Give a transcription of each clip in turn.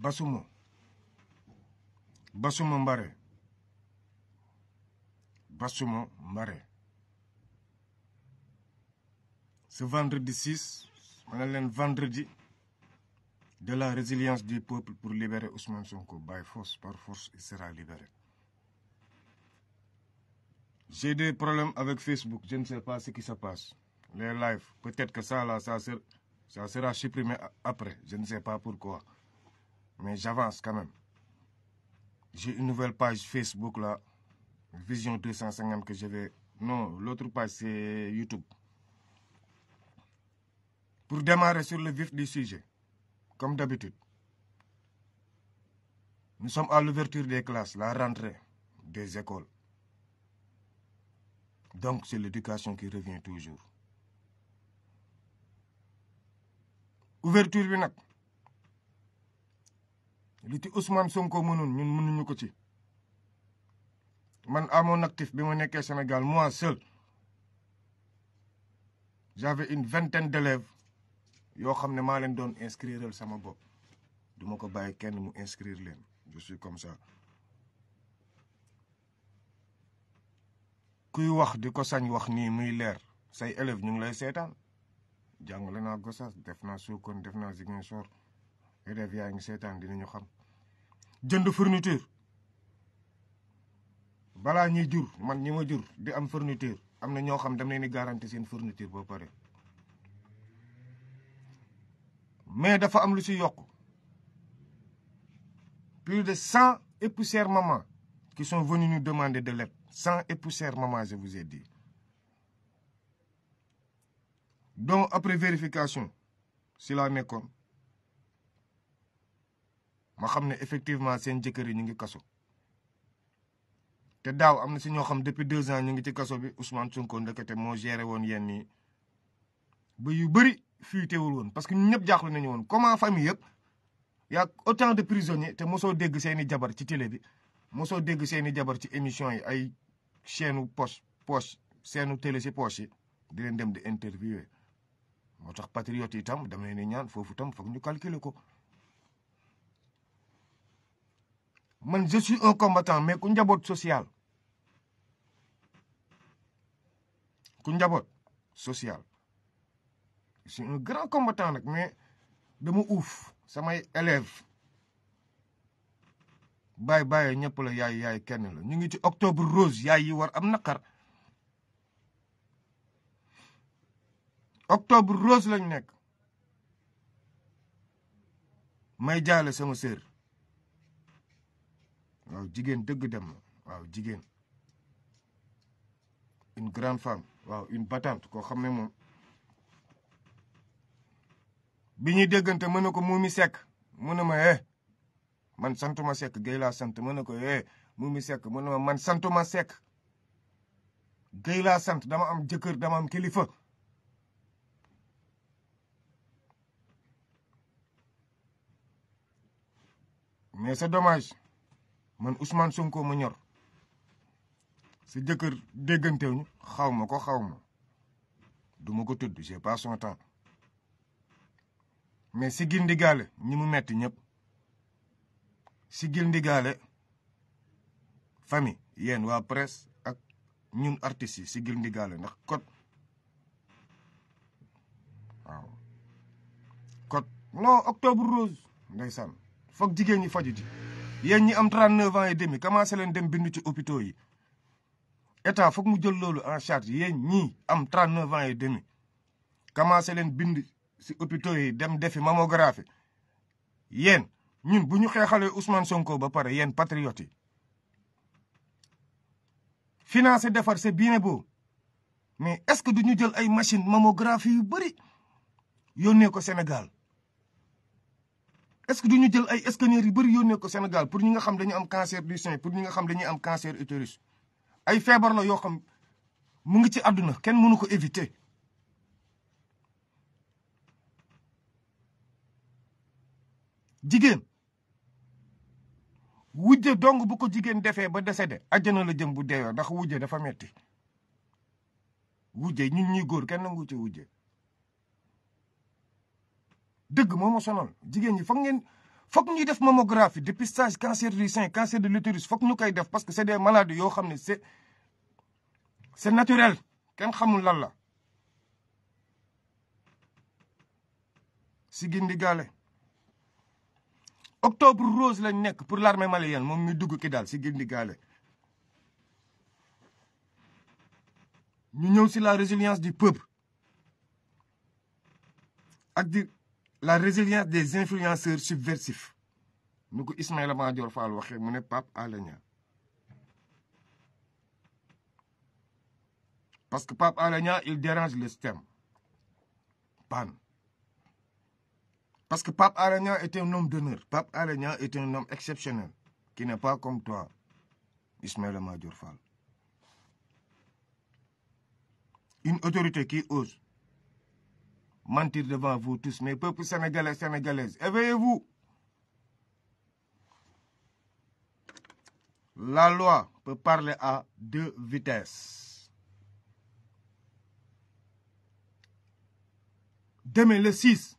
Basuma Basuma Mbare Basuma Mbare ce vendredi 6 ma ne leen vendredi de la résilience du peuple pour libérer Ousmane Sonko by force par force il sera libéré j'ai des problèmes avec Facebook je ne sais pas ce qui se passe les lives peut-être que ça là ça sera, ça sera supprimé après je ne sais pas pourquoi mais j'avance quand même j'ai une nouvelle page Facebook là Vision 250 que je vais non l'autre page c'est YouTube pour démarrer sur le vif du sujet comme d'habitude nous sommes à l'ouverture des classes la rentrée des écoles donc c'est l'éducation qui revient toujours ouverture bi nag li ci Ousmane Sonko mënul ñun mënuñu ko ci man amoon mon actif bi ma nekkee senegal mois seul j'avais une vingtaine d'élèves yoo xam ne maa leen doon inscrire sama bopp duma ko bàyyi kenn mu inscrire leen je comme ça kuy wax di ko sañ wax nii muy leer say élèves ñu ngi lay seetaan jàngale naa Gossas def naa Sokone def naa Ziguinchor élèves yaa ngi seetaan dinañu xam jënd fourniture balaa ñuy jur man ñi ma jur di am fourniture am na ñoo xam dam leen ni garanti seen fourniture ba pare mais dafa am lu si yokk plus de cent et poussière maman qui sont venus nous demander de l'aide cent et poussière maman je vous dit donc après vérification si laa nekkoon ma xam ne effectivement seen jëkkër yi ñu ngi kaso te daaw am na si ñoo xam depuis deux ans ñu ngi ci kaso bi Ousmane Sonko ndekete moo géré woon yenn nii ba yu bëri fuitewul woon parce que ñun ñëpp jaaxle nañu woon comment famille yëpp y'a autant de prisonniers te mosoo dégg seen jabar ci télé bi mosoo dégg seen i jabar ci émission yi ay chaîne poche poche seenu télé si poche yi di leen dem di interviewer moo tax patriote yi tam dama leen ñaan foofu tam foog ñu calculer ko man je suis un combattant mais ku njaboot social ku njaboot social je suis un grand combattant nag mais dama uuf samay élèves bàyyi bàyyi ñëpp la yaay yaay kenn la ñu ngi ci octobre rose yaay yi war am naqar octobre rose lañ nekk may jaale sama sœur waaw jigéen dëgg dem na waaw jigéen une grande femme waaw une battante koo xam ne moom bi ñuy déggante mën na ko Momy Seck mën na ma eh man santuma Seck Guèye laa sant mën na ko eh Momy mën na ma man santuma Seck Guèye laa sant dama am jëkkër dama am kilifa mais c'est dommage man Ousmane Sonko ma ñor si jëkkër déggantewuñu xaw ma ko xaw ma du ko tudd j'ai pas son temps mais sigil ndigaale ñi mu metti ñëpp sigil ndigaale famille yéen waa presse ak ñun artistes yi sigil ndigaale ndax code waaw code non octobre rose ndeysaan foog jigéen ñi faju ji yéen ñi am 39 ans et demi commencé leen dem bindu ci hôpitaux yi état foog mu jël loolu en charge yéen ñii am 39 ans et demi commencé leen bind si hôpitaux yi dem defi mammographie yéen ñun bu ñu xeexalee Ousmane Sonko ba pare yéen patriotes yi financer defar c'est bien beau mais est-ce que duñu jël ay machine mammographie yu bëri yónnee ko Sénégal est-ce du ñu jël ay scanner yu bëri yónnee ko Sénégal pour ñi nga xam dañu am cancer du sein pour ñi nga xam dañuy am cancer utérus ay feebar la yoo xam mu ngi ci àdduna kenn mënu ko éviter. jigéen wujje dong bu ko jigéen defee ba décédé àjjana la jëm bu deeyoo ndax wuje dafa metti wujje ñun ñuy góor kenn nangu ci wujje dëgg moo ma sonal jigéen ñi foog ngeen foog ñuy def mammographie dépistage cancer du sein cancer de l'utérus foog ñu koy def parce que c'est des maladies yoo xam ne c'est naturel kenn xamul lan la si gindi gale octobre rose lañ nekk pour l'armée malienne moom ñu dugg ki daal si gindi gaale ñu ñëw si la résilience du peuple ak di la résilience des influenceurs subversifs nu ko Ismaïla Madior Fall waxee mu ne Pape Alé Niang parce que Pape Alé Niang il dérange le système PAN parce que Pape Alé Niang est un homme d'honneur Pape Alé Niang est un homme exceptionnel qui n'est pas comme toi Ismaïla Madior Fall une autorité qui ose mentir devant vous tous mais peuple sénégalais sénégalaise éveillez-vous la loi peut parler à deux vitesses demain le 6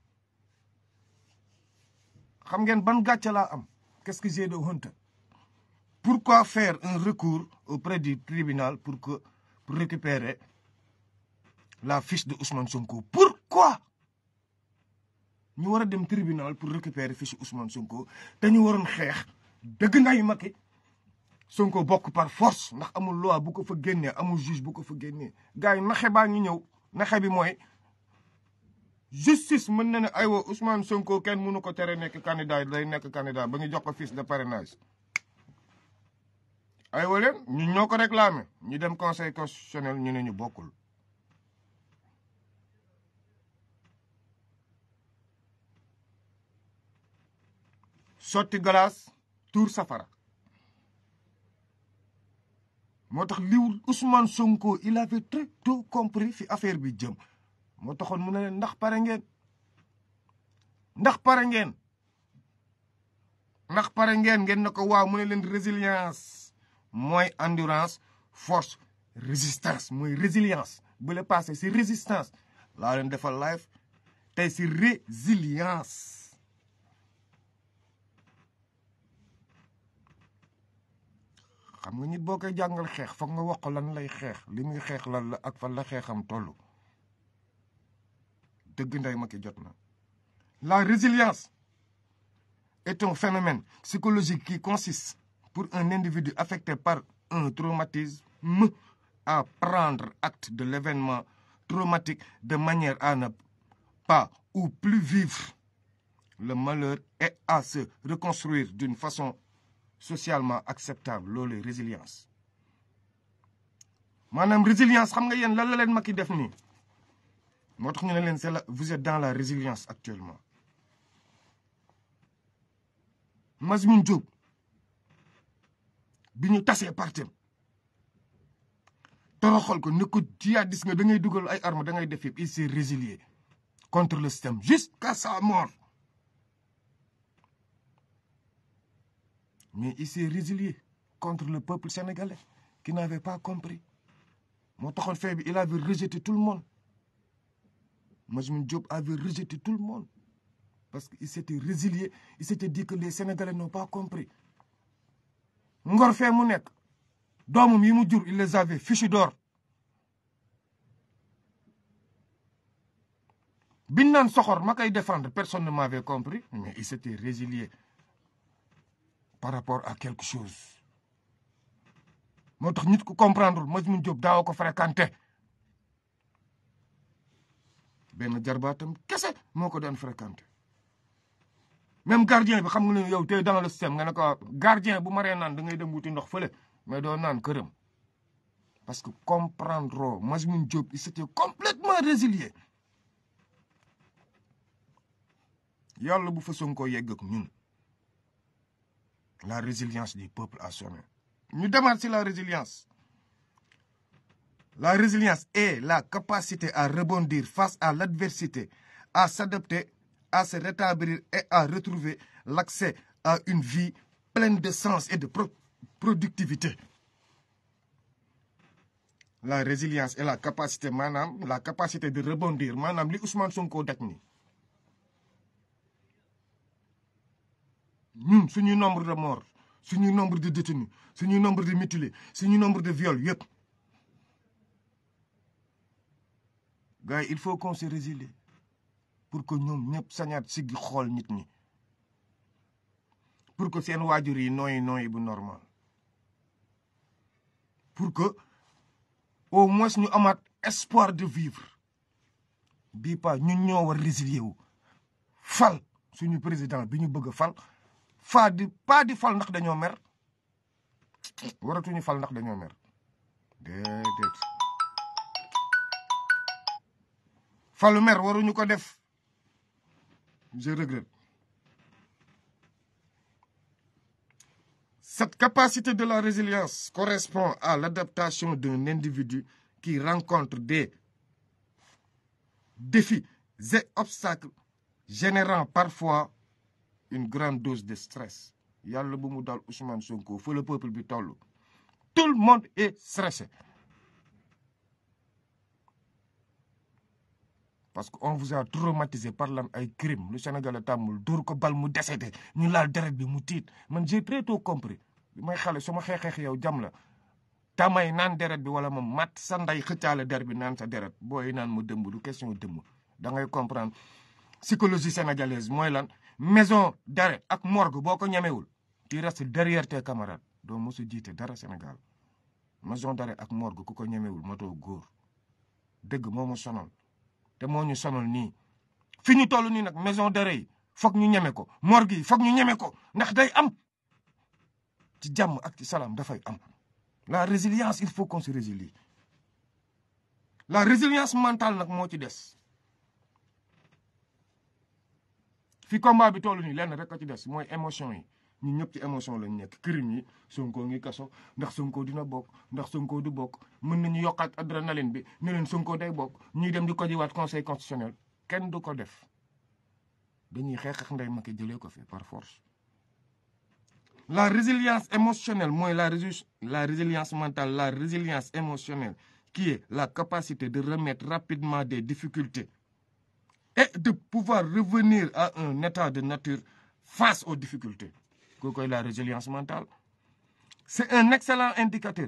xam ngeen ban gàcce laa am qu'est-ce que j'ai de honte pourquoi faire un recours auprès du tribunal pour que pour récupérer la de Ousmane Sonko pour quoi ñu war a dem tribunal pour récupérer fiche Ousmane Sonko te ñu waroon xeex dëgg nday Macky Sonko bokk par force ndax amul loi bu ko fa génnee amul juge bu ko fa génnee gars yi naxe baa ñu ñëw naxe bi mooy justice mën na ne aywa Ousmane sunko kenn nu ko tere nekk candidat day nekk candidat ba ñu jox ko fiche de parrainage aywa leen ñun ñoo ko réclamé ñu dem conseil constitutionnel ñu ne ñu bokkul sotti galaas tuur safara moo tax liw Ousmane Sonko il avait très tôt compris fi affaire bi jëm moo taxoon mu ne leen ndax pare ngeen ndax pare ngeen ndax pare ngeen ngeen ne ko waaw mu ne leen résilience mooy endurance force résistance mooy résilience bu le passé si résistance laa leen defal live tey si résilience xam nga nit boo koy jàngal xeex foog nga wax ko lan lay xeex li muy xeex lan la ak fan la xeexam toll dëgg nday ma ki jot na la résilience est un phénomène psychologique qui consiste pour un individu affecté par un traumatisme à prendre acte de l'événement traumatique de manière à ne pas ou plus vivre le malheur et à se reconstruire d'une façon socialement acceptable loolu résilience maanaam résilience xam nga yéen lan la leen Macky def nii moo tax ñu ne leen c'est la vous dans la résilience actuellement Mazmine Diop bi ñu tasee partem toroxal ko ne ko dis nga da dugal ay armes da ngay def yëpp il s'est résilié contre le système jusqu'à sa mort mais il s'est résilié contre le peuple sénégalais qui n'avait pas compris moo taxoon fee bi il avait rejeté tout le monde Majmoun Diop avait rejeté tout le monde parce que il s'était résilié il s'était dit que les sénégalais n'ont pas compris ngor fee mu nekk doomam yi mu jur il les avait fichus d'or biñ naan soxor ma koy défendre personne ne m'avait compris mais il s'était résilié par rapport à quelque chose moo tax nit ku comprendre Majmun Jóob daaw ko fréquenté benn jarbaatam kese moo ko daan fréquenté même gardien bi xam nga ne yow tey dans le système nga ne ko gardien bu maree naan da ngay dem wuti ndox fële mais doo naan këram parce que comprendre oo Majmun Jóob il s'était complètement résilié yàlla bu fa Sonko yegg ak ñun la résilience du peuple a sonné ñu demaat la résilience la résilience est la capacité à rebondir face à l'adversité à s'adapter à se rétablir et à retrouver l'accès à une vie pleine de sens et de productivité la résilience est la capacité maanaam la capacité de rebondir maanaam li Ousmane Sonko daj ni ñun suñuy nombre de morts suñuy nombre de détenus suñuy nombre de mutilés suñuy nombre de viols yëpp gars yi il faut qu'on se résilie pour que ñoom ñëpp sañaat siggi xool nit ñi pour que seen waajur yi nooyi nooyi bu normal pour que au moins ñu amaat espoir de vivre bi pas ñun ñoo war résilier wu fal suñu président bi ñu bëgg a faa di pas di fal ndax dañoo mer waratuñu fal ndax dañoo mer déedéet falu waruñu ko def je regrette cette capacité de la résilience correspond à l'adaptation de individu qui rencontre des défis et obstacles générant parfois une grande dose de stress yàlla bu mu dal Ousmane Sonko fa le peuple bi tollu tout le monde est stressé parce que on vous a traumatisé par lam ay crime lu Sénégal tàmmul dóor ko bal mu décédé ñu laal deret bi mu tiit man j'ai très tôt compris bi may xale su ma xeexeex yow jam la tamay naan deret bi wala ma mat sa ndey xëccaale der bi naan sa deret booy naan ma dëmb du question dëmb da ngay comprendre psychologie sénégalaise mooy lan maison d'arrêt ak morgue boo ko ñamewul tu restes derrière tes camarades doo mosu jiite dara senegal maison d'arrêt ak morgue ko ko ñemewul matoo góor dëgg moo ma sonal te moo ñu sonal nii fi ñu toll nii nag maison d'arrêt yi foog ñu ñeme ko morgue yi foog ñu ñeme ko ndax day am ci jàmm ak ci salaam dafay am la résilience il faut qu'on se la résilience mentale nag moo ci des fi combat bi toll nii lenn rek a ci des mooy émotion yi ñun ñëpp ci émotion lañ nekk crime yi Sonko ngi kaso ndax Sonko dina bokk ndax Sonko du bokk mën nañu yokkaat adrénaline bi ne leen Sonko day bokk ñuy dem di ko jiwaat conseil constitutionnel kenn du ko def dañuy xeex ak ndey jëlee ko fi par force. la résilience émotionnelle mooy la la résilience mentale la résilience émotionnelle qui la capacité de remettre rapidement des difficultés et de pouvoir revenir à un état de nature face aux difficultés koo koy la résilience mentale c'est un excellent indicateur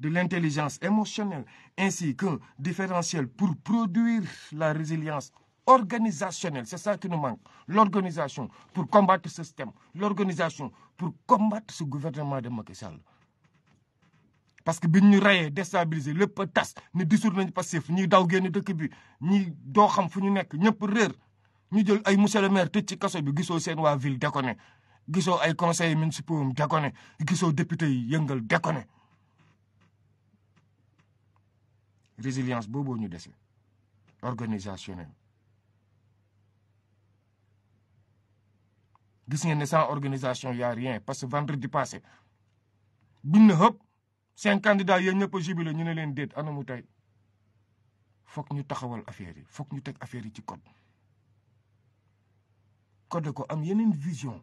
de l'intelligence émotionnelle ainsi qu'un différentiel pour produire la résilience organisationnelle c'est ça qui nous manque l'organisation pour combattre ce système l'organisation pour combattre ce gouvernement de Macky Sall parce que biñ ñu rayee destabilisé lépp a tas ni dissoudre nañ Pastef ñi daw génn dëkk bi ñi doo xam fu ñu nekk ñëpp réer ñu jël ay monsieur le maire tëj ci kaso bi gisoo seen waa ville déconné gisoo ay conseils municipaux am déconné gisoo député yi yëngal déconné résilience booboo ñu dese organisationnelle gis ngeen ne sans organisation y a rien parce que vendredi passé biñ na xëpp cinq candidats yéen ñëpp a jubilé ñu ne leen déet anamu tey foog ñu taxawal affaire yi foog ñu teg affaire yi ci code code ko am yeneen vision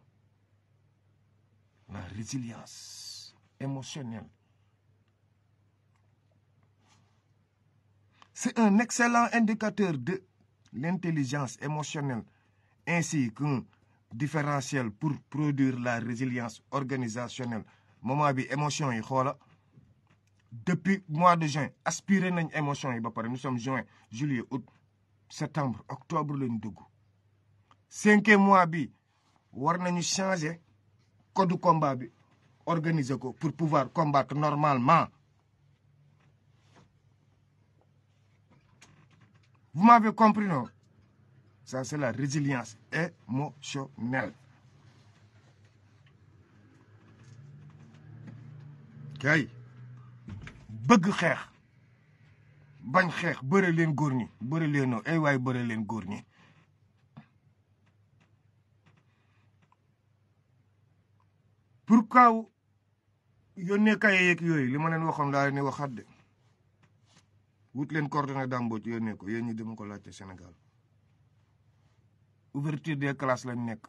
la résilience émotionnelle c'est un excellent indicateur de l'intelligence émotionnelle ainsi qu'un différentiel pour produire la résilience organisationnelle moment bi émotion yi xoola depuis mois de juin aspiré nañ émotion yi ba pare nous sommes juin juillet aut septembre octobre lañu dugg cinquième mois bi war nañu changer code combat bi organiser ko pour pouvoir combattre normalement vous m'avez compris non ça c'est la résilience émotionnelle kay bëgg xeex bañ xeex bëre leen góor ni bëre leenoo ay leen góor ñi pourquoi yónnee kaye yeeg yooyu li ma leen waxoon laa ne waxaat de wut leen coordonnées Dame Mbodj yónnee ko yéen ñi dama ko laajte senegal ouverture des classes lañ nekk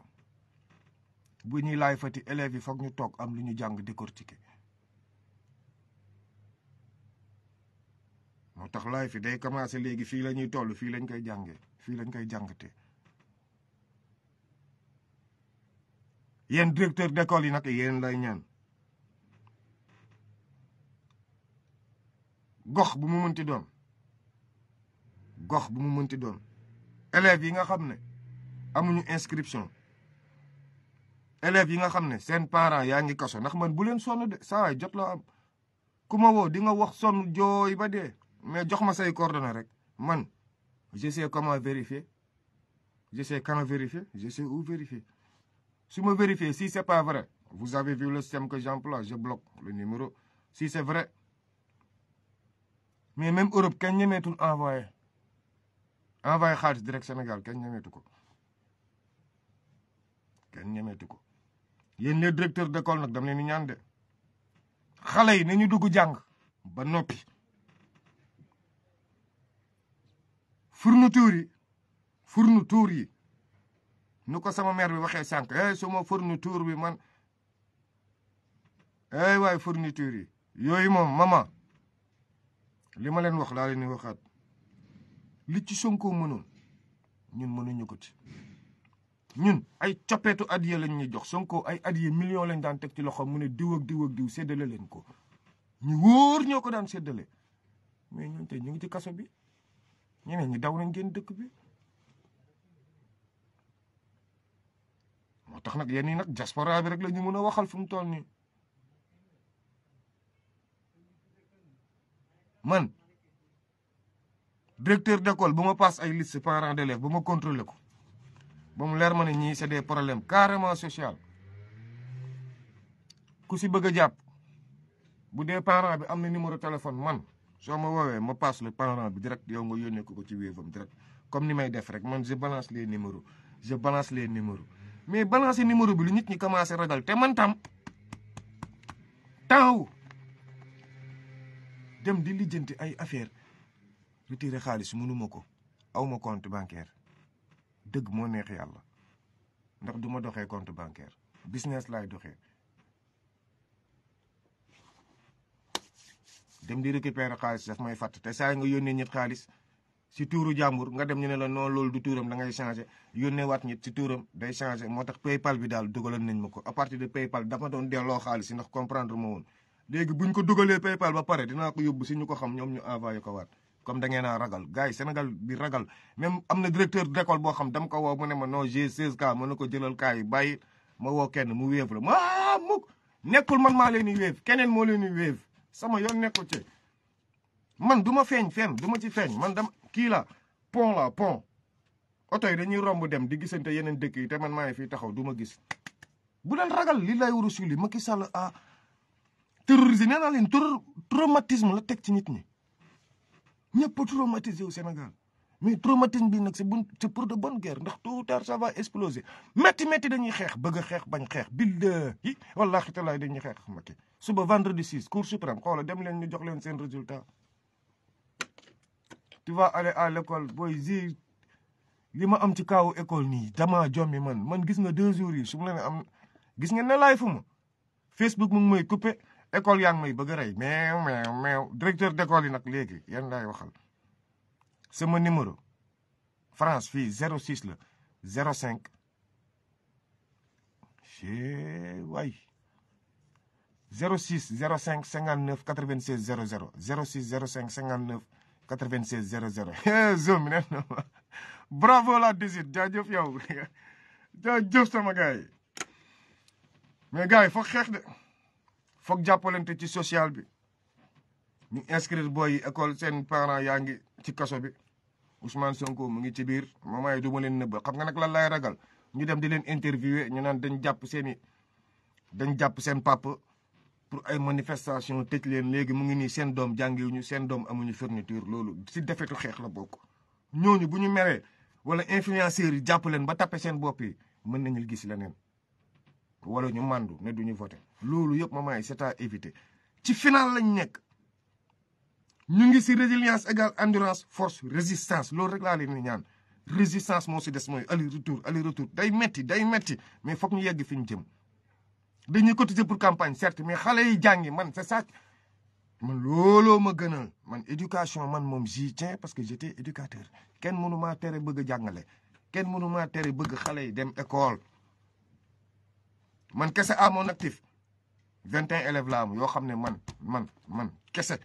bu ñuy laay fati élèves yi foog ñu toog am lu ñu jàng décortiquer moo tax laay fi day commencé léegi fii la ñuy toll fii lañ koy jànge fii lañ koy jàngate yéen directeur d'école yi nag yéen lay ñaan gox bu mu mun mënti doon gox bu mu mun mënti doon élèves yi nga xam ne amuñu inscription élèves yi nga xam ne seen parents yaa ngi kaso ndax man bu leen sonn de saa jot la am ku ma woo di nga wax sonn jooy ba dee mais jox ma say coordonnées rek man je sais comment vérifier je sais quand vérifier je sais où vérifier su ma vérifier si c'est pas vrai vous avez vu le système que j'emploie je bloque le numéro si c'est vrai mais même Europe kenn ñemeetul envoyé envoyé xaalis direct Sénégal kenn ñemeetu ko kenn ñemeetu ko yéen les directeurs d'école nag dam leen di ñaan de xale yi nañu dugg jàng ba noppi fourniture yi fourniture yi nu ko sama mère bi waxee sànq eh suma fourniture bi man eh waay fourniture yi yooyu moom mama li ma leen wax laa leen di waxaat li ci Sonko mënoon ñun mënuñu ko ci ñun ay coppeetu addiya lañ ñuy jox Sonko ay addiya million lañ daan teg ci loxo mu ne diw ak diw ak séddale leen ko ñu wóor ñoo ko daan seddale mais ñun tey ñu ngi ci kaso bi ñeneen ñi daw nañ génn dëkk bi moo tax nag yéen ñi nag diaspora bi rek la ñu mën a waxal fu mu toll nii man directeur d'école bu ma passe ay liste parents d'élèves ba ma contrôlé ko ba mu leer ma ne ñii c'est des problèmes carrément social ku si bëgg a jàpp bu dee parent bi am na numéro téléphone man soo ma woowee ma passe le parent bi direct yow nga yónnee ko ko ci wéefam direct comme ni may def rek man je balance les numéros je balance les numéros mais balancer numéro bi lu nit ñi commencé ragal te man tam temps dem di lijjanti ay affaire retiré xaalis mënuma ko awma compte bancaire dëgg moo neex yàlla ndax du ma doxee compte bancaire business laay doxee dem di récupérer xaalis daf may fàtt te saa nga yónnee ñit xaalis si tuuru jàmbur nga dem ñu ne la no loolu di tuuram da ngay changé yónnee waat ñit si tuuram day changé moo tax paypal bi daal dugaloon nañ ma ko à partir de paypal dama doon delloo xaalis yi ndax comprendre ma woon léegi buñ ko dugalee paypal ba pare dinaa ko yóbbu si ñu ko xam ñoom ñu envoyé ko waat comme da a ragal gars yi Sénégal bi ragal même am na directeur d'école boo xam dama ko woo mu ne ma non j'ai 16 cas mën na ko jëlal cas yi bàyyi ma woo kenn mu wéef la ma ah, mukk nekkul maa leen di keneen moo leen di wéef sama yoon nekkul ci man du feeñ fenn du ci feeñ man dama kii la pont la pont oto yi dañuy romb dem di gisante yeneen dëkk yi te man maa ngi fii taxaw du gis. bu leen ragal li lay war a suuli Macky Sall a ah, terrorisé nee naa leen traumatisme la teg ci nit ñi ñëpp traumatisé wu Sénégal. mais traumatisme bi nag c'est bon c'est pour de bonne guerre ndax tôt ou tard ça va exploser métti métti dañuy xeex bëgg a xeex bañ xeex billahi wallahi talaay dañuy xeex Macky suba vendredi 6 cour suprême xoola dem leen ñu jox leen seen résultat tu vas aller à l'école booy ji li ma am ci kaawu école nii damaa jommi man man gis nga deux jours yi su ma la am gis ngeen ne laay fu ma Facebook mu ngi may coupé école yaa ngi may bëgg a rey meew meew meew directeur d'école yi nag léegi yan laay waxal sama numéro France fii 06 la 05 chez waay 06 05 59 96 00 06 05 59 96 00 zoom nee na ma bravo la désir jaajëf yow jaajëf sama gars yi mais gars yi foog xeex de foog jàppalante ci social bi ñu inscrire booy yi école seen parents yaa ngi ci kaso bi Ousmane Sonko mu ngi ci biir moment yi du ma leen nëbb xam nga nag lan laay ragal ñu dem di leen interviewer ñu naan dañ jàpp seen dañ jàpp seen pap pour ay manifestation tëj leen léegi mu ngi nii seen doom jàngiwuñu seen doom amuñu fourniture loolu si defetu xeex la bokk. ñooñu bu ñu meree wala influenceurs yi jàpp leen ba tappe seen bopp yi mën nañu gis leneen wala ñu màndu ne duñu voté loolu yëpp moment yi c'est à éviter ci final lañ nekk. ñu ngi si résilience égale endurance force résistance loolu rek laa leen ñaan résistance moo si des mooy aller retour aller retour day metti day metti mais foog ñu yegg fi ñu jëm dañuy cotiser pour campagne certes mais xale yi jàngi man c'est ça man looloo ma gënal man éducation man moom j'y tiens parce que j'étais éducateur kenn mënu maa tere bëgg a jàngale kenn mënu maa tere bëgg xale yi dem école man kese à mon actif vingt et un élèves laa am yoo xam ne man man man kese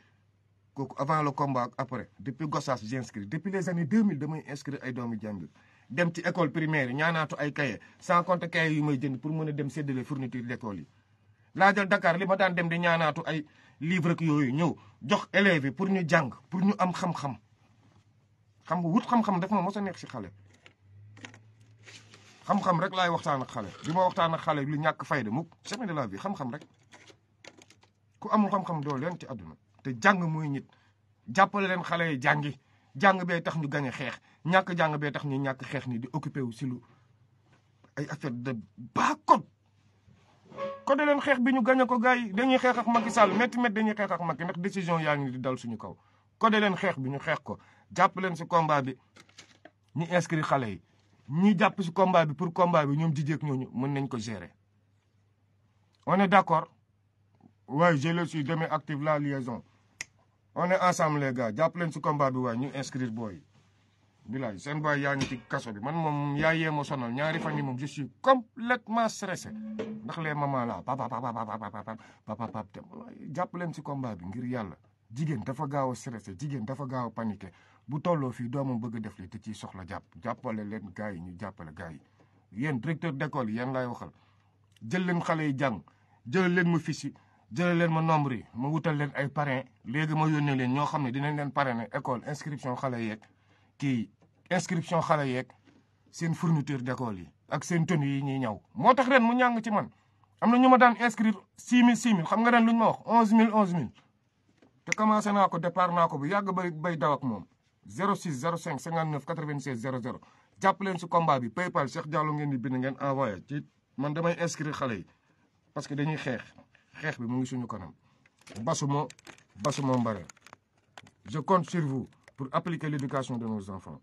kooku avant le combat ak après depuis Gossas j'inscris depuis les années 2000 damay inscrire ay doomi jàmbur dem ci école primaire ñaanaatu ay cahier sans compter cahier yu may jënd pour mën a dem séddale fourniture d'école yi laa jël Dakar li ma daan dem di ñaanaatu ay livre ak yooyu ñëw jox élèves yi pour ñu jàng pour ñu am xam-xam xam nga wut xam-xam daf ma mos a nekk si xale xam-xam rek laay waxtaan ak xale bi ma waxtaan ak xale lu ñàkk fayda mukk jamais de xam-xam rek ku amul xam-xam doo ci àdduna te jàng muy nit jàppale leen xale yi jàngi jàng bee tax ñu gañ a xeex ñàkk jàng bee tax ñu ñàkk xeex ni di occupé wu si lu ay affaire de bas code. code leen xeex bi ñu gañ a ko gars yi dañuy xeex ak Macky Sall métti métti dañuy xeex ak Macky ndax décision yaa ngi di dal suñu kaw. code leen xeex bi ñu xeex ko jàpp si combat bi ñu inscrit xale yi ñi jàpp si combat bi pour combat bi ñoom di jéeg ñooñu mën nañ ko gérer on est d'accord waaye je le suis demain active la liaison. on est ensemble les gars jàpp leen si combat bi waaye ñu inscrire booy bilaay seen booy yaa ngi ci kaso bi man moom yaa yee ma sonal ñaari fan yi moom je suis complètement stressé ndax les mamans là papa papa papa papa papa jàpp leen si combat bi ngir yàlla jigéen dafa gaaw a stressé jigéen dafa gaaw a paniqué bu tolloo fii doomam bëgg a def li te ciy soxla jàpp jàppale leen gars yi ñu jàppale gars yi yéen directeur d'école yi yéen laay waxal jël leen xale yi jàng jël leen mu fisi jëlee leen ma nombre yi ma wutal leen ay parrain léegi ma leen ñoo xam ne dinañ leen parrainer école inscription xale yeeg kii inscription xale yeeg seen fourniture d'école yi ak seen tenue yi ñuy ñaw moo tax ren mu ñàng ci man am na ñu ma daan inscrire 6000 6000 xam nga ren lu ñu ma wax 11000 11000 te commencé naa ko départ naa ko bu yàgg bay bay daw ak moom 06 05 59 96 00 jàpp leen si combat bi Paypal Cheikh Diallo ngeen di bind ngeen envoyé ci man damay inscrire xale yi parce que dañuy xeex. xeex bi mu ngi suñu kanam basuma basuma mbare je compte sur vous pour appliquer l'éducation de nos enfants